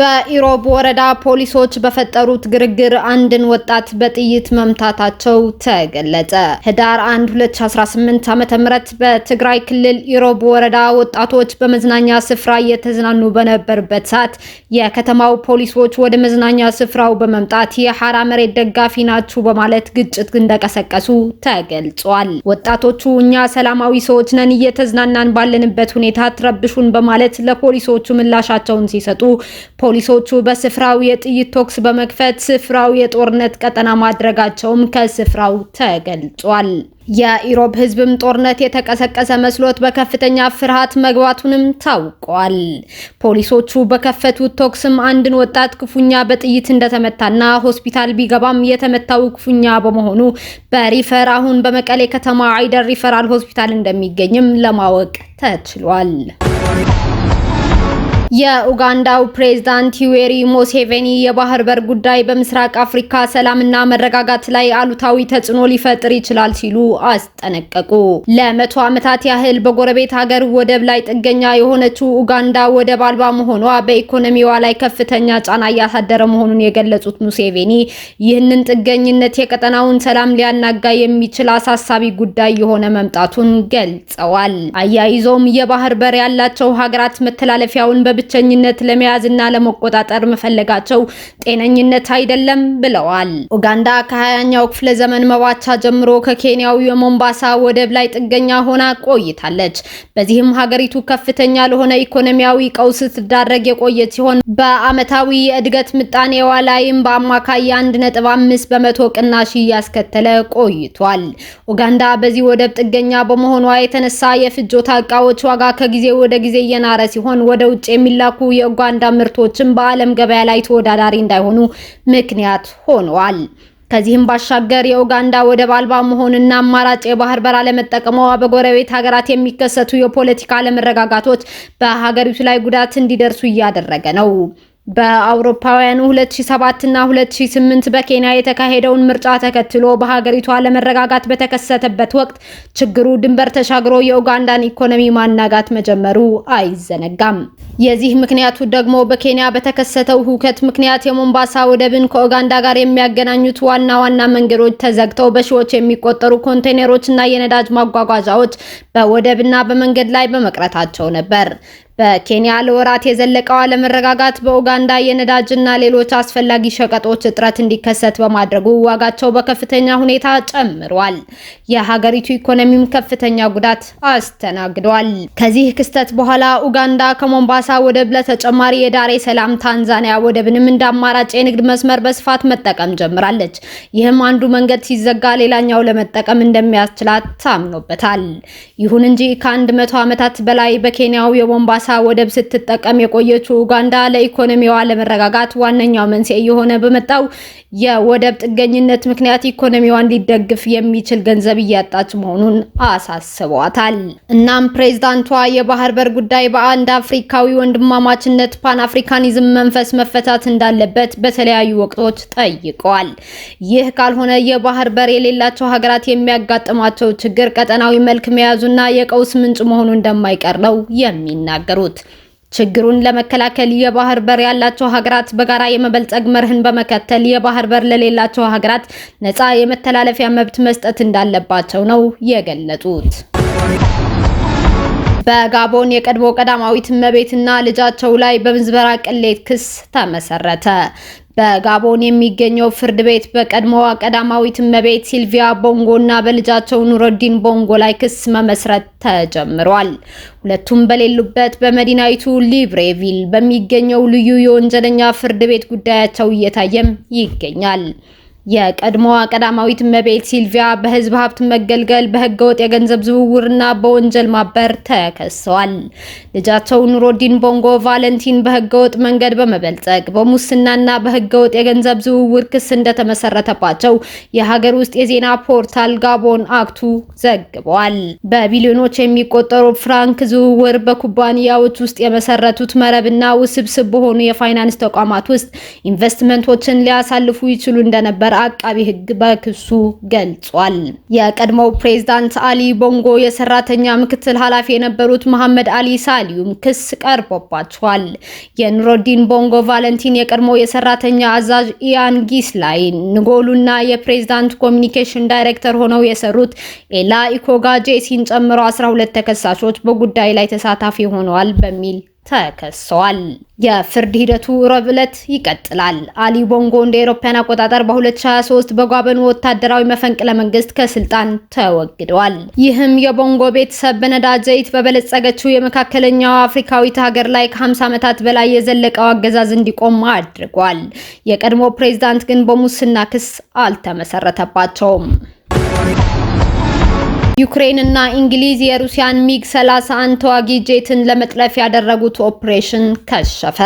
በኢሮብ ወረዳ ፖሊሶች በፈጠሩት ግርግር አንድን ወጣት በጥይት መምታታቸው ተገለጸ። ህዳር 1 2018 ዓ.ም በትግራይ ክልል ኢሮብ ወረዳ ወጣቶች በመዝናኛ ስፍራ እየተዝናኑ በነበርበት ሰዓት የከተማው ፖሊሶች ወደ መዝናኛ ስፍራው በመምጣት የሐራ መሬት ደጋፊ ናችሁ በማለት ግጭት እንደቀሰቀሱ ተገልጿል። ወጣቶቹ እኛ ሰላማዊ ሰዎች ነን፣ እየተዝናናን ባለንበት ሁኔታ ትረብሹን በማለት ለፖሊሶቹ ምላሻቸውን ሲሰጡ ፖሊሶቹ በስፍራው የጥይት ተኩስ በመክፈት ስፍራው የጦርነት ቀጠና ማድረጋቸውም ከስፍራው ተገልጿል። የኢሮብ ህዝብም ጦርነት የተቀሰቀሰ መስሎት በከፍተኛ ፍርሃት መግባቱንም ታውቋል። ፖሊሶቹ በከፈቱት ተኩስም አንድን ወጣት ክፉኛ በጥይት እንደተመታና ሆስፒታል ቢገባም የተመታው ክፉኛ በመሆኑ በሪፈር አሁን በመቀሌ ከተማ አይደር ሪፈራል ሆስፒታል እንደሚገኝም ለማወቅ ተችሏል። የኡጋንዳው ፕሬዝዳንት ዩዌሪ ሙሴቬኒ የባህር በር ጉዳይ በምስራቅ አፍሪካ ሰላምና መረጋጋት ላይ አሉታዊ ተጽዕኖ ሊፈጥር ይችላል ሲሉ አስጠነቀቁ። ለመቶ ዓመታት ያህል በጎረቤት ሀገር ወደብ ላይ ጥገኛ የሆነችው ኡጋንዳ ወደብ አልባ መሆኗ በኢኮኖሚዋ ላይ ከፍተኛ ጫና እያሳደረ መሆኑን የገለጹት ሙሴቬኒ ይህንን ጥገኝነት የቀጠናውን ሰላም ሊያናጋ የሚችል አሳሳቢ ጉዳይ የሆነ መምጣቱን ገልጸዋል። አያይዞም የባህር በር ያላቸው ሀገራት መተላለፊያውን በብ ብቸኝነት ለመያዝና ለመቆጣጠር መፈለጋቸው ጤነኝነት አይደለም ብለዋል። ኡጋንዳ ከሀያኛው ክፍለ ዘመን መባቻ ጀምሮ ከኬንያው የሞምባሳ ወደብ ላይ ጥገኛ ሆና ቆይታለች። በዚህም ሀገሪቱ ከፍተኛ ለሆነ ኢኮኖሚያዊ ቀውስ ስትዳረግ የቆየች ሲሆን በአመታዊ የእድገት ምጣኔዋ ላይም በአማካይ አንድ ነጥብ አምስት በመቶ ቅናሽ እያስከተለ ቆይቷል። ኡጋንዳ በዚህ ወደብ ጥገኛ በመሆኗ የተነሳ የፍጆታ እቃዎች ዋጋ ከጊዜ ወደ ጊዜ እየናረ ሲሆን ወደ ውጭ የሚ የሚላኩ የኡጋንዳ ምርቶችን በዓለም ገበያ ላይ ተወዳዳሪ እንዳይሆኑ ምክንያት ሆነዋል። ከዚህም ባሻገር የኡጋንዳ ወደብ አልባ መሆንና አማራጭ የባህር በር አለመጠቀሟ በጎረቤት ሀገራት የሚከሰቱ የፖለቲካ አለመረጋጋቶች በሀገሪቱ ላይ ጉዳት እንዲደርሱ እያደረገ ነው። በአውሮፓውያኑ 2007 እና 2008 በኬንያ የተካሄደውን ምርጫ ተከትሎ በሀገሪቷ ለመረጋጋት በተከሰተበት ወቅት ችግሩ ድንበር ተሻግሮ የኡጋንዳን ኢኮኖሚ ማናጋት መጀመሩ አይዘነጋም። የዚህ ምክንያቱ ደግሞ በኬንያ በተከሰተው ሁከት ምክንያት የሞምባሳ ወደብን ከኡጋንዳ ጋር የሚያገናኙት ዋና ዋና መንገዶች ተዘግተው በሺዎች የሚቆጠሩ ኮንቴነሮች እና የነዳጅ ማጓጓዣዎች በወደብና በመንገድ ላይ በመቅረታቸው ነበር። በኬንያ ለወራት የዘለቀው አለመረጋጋት በኡጋንዳ የነዳጅና ሌሎች አስፈላጊ ሸቀጦች እጥረት እንዲከሰት በማድረጉ ዋጋቸው በከፍተኛ ሁኔታ ጨምሯል። የሀገሪቱ ኢኮኖሚም ከፍተኛ ጉዳት አስተናግዷል። ከዚህ ክስተት በኋላ ኡጋንዳ ከሞምባሳ ወደብ ለተጨማሪ የዳሬ ሰላም ታንዛኒያ ወደብንም እንደ አማራጭ የንግድ መስመር በስፋት መጠቀም ጀምራለች። ይህም አንዱ መንገድ ሲዘጋ ሌላኛው ለመጠቀም እንደሚያስችላት ታምኖበታል። ይሁን እንጂ ከአንድ መቶ ዓመታት በላይ በኬንያው የሞምባሳ ወደብ ስትጠቀም የቆየችው ኡጋንዳ ለኢኮኖሚዋ ለመረጋጋት ዋነኛው መንስኤ የሆነ በመጣው የወደብ ጥገኝነት ምክንያት ኢኮኖሚዋን ሊደግፍ የሚችል ገንዘብ እያጣች መሆኑን አሳስቧታል። እናም ፕሬዝዳንቷ የባህር በር ጉዳይ በአንድ አፍሪካዊ ወንድማማችነት ፓን አፍሪካኒዝም መንፈስ መፈታት እንዳለበት በተለያዩ ወቅቶች ጠይቀዋል። ይህ ካልሆነ የባህር በር የሌላቸው ሀገራት የሚያጋጥማቸው ችግር ቀጠናዊ መልክ መያዙና የቀውስ ምንጭ መሆኑ እንደማይቀር ነው የሚናገሩ የተናገሩት። ችግሩን ለመከላከል የባህር በር ያላቸው ሀገራት በጋራ የመበልጸግ መርህን በመከተል የባህር በር ለሌላቸው ሀገራት ነፃ የመተላለፊያ መብት መስጠት እንዳለባቸው ነው የገለጹት። በጋቦን የቀድሞ ቀዳማዊት እመቤትና ልጃቸው ላይ በምዝበራ ቅሌት ክስ ተመሰረተ። በጋቦን የሚገኘው ፍርድ ቤት በቀድሞዋ ቀዳማዊት እመቤት ሲልቪያ ቦንጎ እና በልጃቸው ኑረዲን ቦንጎ ላይ ክስ መመስረት ተጀምሯል። ሁለቱም በሌሉበት በመዲናይቱ ሊብሬቪል በሚገኘው ልዩ የወንጀለኛ ፍርድ ቤት ጉዳያቸው እየታየም ይገኛል። የቀድሞዋ ቀዳማዊት እመቤት ሲልቪያ በህዝብ ሀብት መገልገል፣ በህገወጥ የገንዘብ ዝውውርና በወንጀል ማበር ተከሰዋል። ልጃቸው ኑሮዲን ቦንጎ ቫለንቲን በህገወጥ መንገድ በመበልጸግ በሙስናና በህገወጥ የገንዘብ ዝውውር ክስ እንደተመሰረተባቸው የሀገር ውስጥ የዜና ፖርታል ጋቦን አክቱ ዘግቧል። በቢሊዮኖች የሚቆጠሩ ፍራንክ ዝውውር በኩባንያዎች ውስጥ የመሰረቱት መረብና ውስብስብ በሆኑ የፋይናንስ ተቋማት ውስጥ ኢንቨስትመንቶችን ሊያሳልፉ ይችሉ እንደነበር እንደነበር አቃቢ ሕግ በክሱ ገልጿል። የቀድሞው ፕሬዝዳንት አሊ ቦንጎ የሰራተኛ ምክትል ኃላፊ የነበሩት መሐመድ አሊ ሳሊዩም ክስ ቀርቦባቸዋል። የኑሮዲን ቦንጎ ቫለንቲን የቀድሞው የሰራተኛ አዛዥ ኢያን ላይ ንጎሉና የፕሬዝዳንት ኮሚኒኬሽን ዳይሬክተር ሆነው የሰሩት ኤላ ኢኮጋ ጄሲን ጨምሮ 12 ተከሳሾች በጉዳይ ላይ ተሳታፊ ሆነዋል በሚል ተከሰዋል። የፍርድ ሂደቱ ረቡዕ ዕለት ይቀጥላል። አሊ ቦንጎ እንደ አውሮፓውያን አቆጣጠር በ2023 በጓበኑ ወታደራዊ መፈንቅለ መንግስት ከስልጣን ተወግደዋል። ይህም የቦንጎ ቤተሰብ በነዳጅ ዘይት በበለጸገችው የመካከለኛው አፍሪካዊት ሀገር ላይ ከ50 ዓመታት በላይ የዘለቀው አገዛዝ እንዲቆም አድርጓል። የቀድሞ ፕሬዝዳንት ግን በሙስና ክስ አልተመሰረተባቸውም። ዩክሬን እና እንግሊዝ የሩሲያን ሚግ 31 ተዋጊ ጄትን ለመጥለፍ ያደረጉት ኦፕሬሽን ከሸፈ።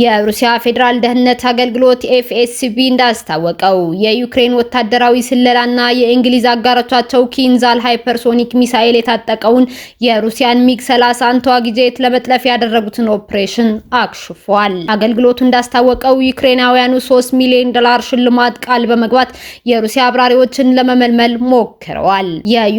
የሩሲያ ፌዴራል ደህንነት አገልግሎት ኤፍኤስቢ እንዳስታወቀው የዩክሬን ወታደራዊ ስለላና የእንግሊዝ አጋሮቻቸው ኪንዛል ሃይፐርሶኒክ ሚሳኤል የታጠቀውን የሩሲያን ሚግ 31 ተዋጊ ጄት ለመጥለፍ ያደረጉትን ኦፕሬሽን አክሽፏል። አገልግሎቱ እንዳስታወቀው ዩክሬናውያኑ 3 ሚሊዮን ዶላር ሽልማት ቃል በመግባት የሩሲያ አብራሪዎችን ለመመልመል ሞክረዋል።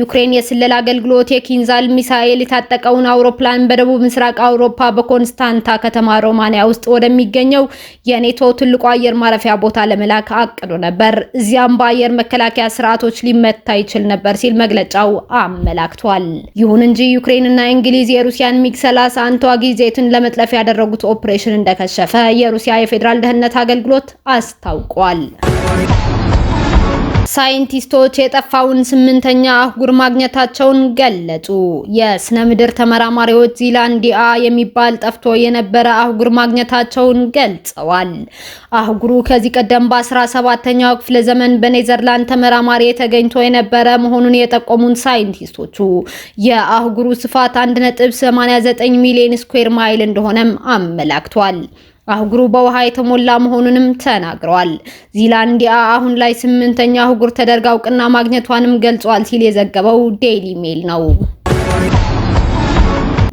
የዩክሬን የስለላ አገልግሎት የኪንዛል ሚሳኤል የታጠቀውን አውሮፕላን በደቡብ ምስራቅ አውሮፓ በኮንስታንታ ከተማ ሮማንያ ውስጥ ወደሚገኘው የኔቶ ትልቁ አየር ማረፊያ ቦታ ለመላክ አቅዶ ነበር። እዚያም በአየር መከላከያ ስርዓቶች ሊመታ ይችል ነበር ሲል መግለጫው አመላክቷል። ይሁን እንጂ ዩክሬንና እንግሊዝ የሩሲያን ሚግ 31 ተዋጊ ጄትን ለመጥለፍ ያደረጉት ኦፕሬሽን እንደከሸፈ የሩሲያ የፌዴራል ደህንነት አገልግሎት አስታውቋል። ሳይንቲስቶች የጠፋውን ስምንተኛ አህጉር ማግኘታቸውን ገለጹ። የስነ ምድር ተመራማሪዎች ዚላንዲያ የሚባል ጠፍቶ የነበረ አህጉር ማግኘታቸውን ገልጸዋል። አህጉሩ ከዚህ ቀደም በ17ኛው ክፍለ ዘመን በኔዘርላንድ ተመራማሪ ተገኝቶ የነበረ መሆኑን የጠቆሙን ሳይንቲስቶቹ የአህጉሩ ስፋት 1.89 ሚሊዮን ስኩዌር ማይል እንደሆነም አመላክቷል። አህጉሩ በውሃ የተሞላ መሆኑንም ተናግረዋል። ዚላንዲያ አሁን ላይ ስምንተኛ አህጉር ተደርጋ እውቅና ማግኘቷንም ገልጿል ሲል የዘገበው ዴይሊ ሜል ነው።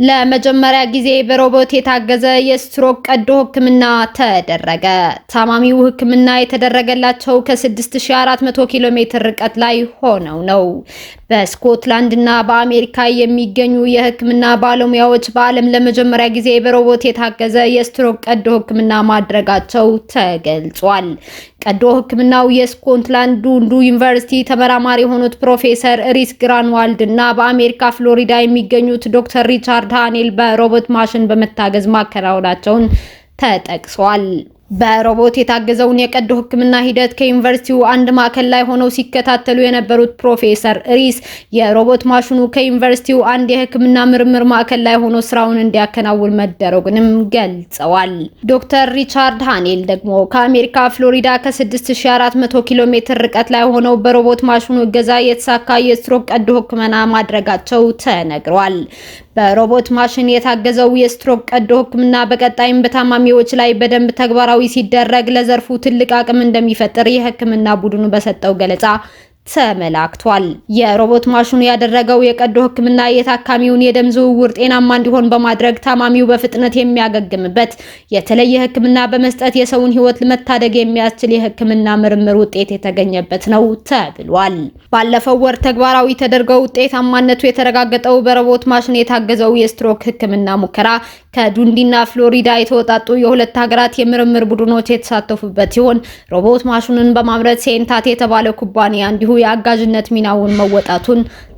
ለመጀመሪያ ጊዜ በሮቦት የታገዘ የስትሮክ ቀዶ ህክምና ተደረገ። ታማሚው ህክምና የተደረገላቸው ከ6400 ኪሎ ሜትር ርቀት ላይ ሆነው ነው። በስኮትላንድ እና በአሜሪካ የሚገኙ የህክምና ባለሙያዎች በዓለም ለመጀመሪያ ጊዜ በሮቦት የታገዘ የስትሮክ ቀዶ ህክምና ማድረጋቸው ተገልጿል። ቀዶ ሕክምናው የስኮትላንድ ዱንዱ ዩኒቨርሲቲ ተመራማሪ የሆኑት ፕሮፌሰር ሪስ ግራንዋልድ እና በአሜሪካ ፍሎሪዳ የሚገኙት ዶክተር ሪቻርድ ሃኔል በሮቦት ማሽን በመታገዝ ማከናወናቸውን ተጠቅሷል። በሮቦት የታገዘውን የቀዶ ሕክምና ሂደት ከዩኒቨርሲቲው አንድ ማዕከል ላይ ሆነው ሲከታተሉ የነበሩት ፕሮፌሰር ሪስ የሮቦት ማሽኑ ከዩኒቨርሲቲው አንድ የሕክምና ምርምር ማዕከል ላይ ሆኖ ስራውን እንዲያከናውን መደረጉንም ገልጸዋል። ዶክተር ሪቻርድ ሃኔል ደግሞ ከአሜሪካ ፍሎሪዳ ከ6400 ኪሎ ሜትር ርቀት ላይ ሆነው በሮቦት ማሽኑ እገዛ የተሳካ የስትሮክ ቀዶ ሕክምና ማድረጋቸው ተነግሯል። በሮቦት ማሽን የታገዘው የስትሮክ ቀዶ ሕክምና በቀጣይም በታማሚዎች ላይ በደንብ ተግባራዊ ሲደረግ ለዘርፉ ትልቅ አቅም እንደሚፈጥር የሕክምና ቡድኑ በሰጠው ገለጻ ተመላክቷል። የሮቦት ማሽኑ ያደረገው የቀዶ ሕክምና የታካሚውን የደም ዝውውር ጤናማ እንዲሆን በማድረግ ታማሚው በፍጥነት የሚያገግምበት የተለየ ሕክምና በመስጠት የሰውን ሕይወት መታደግ የሚያስችል የሕክምና ምርምር ውጤት የተገኘበት ነው ተብሏል። ባለፈው ወር ተግባራዊ ተደርገው ውጤታማነቱ የተረጋገጠው በሮቦት ማሽን የታገዘው የስትሮክ ሕክምና ሙከራ ከዱንዲና ፍሎሪዳ የተወጣጡ የሁለት ሀገራት የምርምር ቡድኖች የተሳተፉበት ሲሆን ሮቦት ማሽኑን በማምረት ሴንታት የተባለ ኩባንያ እንዲሁ የአጋዥነት ሚናውን መወጣቱን